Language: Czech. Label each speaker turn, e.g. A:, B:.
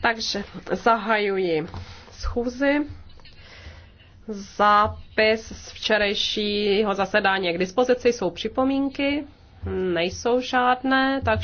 A: Takže zahajuji schůzi. Zápis z včerejšího zasedání je k dispozici. Jsou připomínky?
B: Nejsou žádné, takže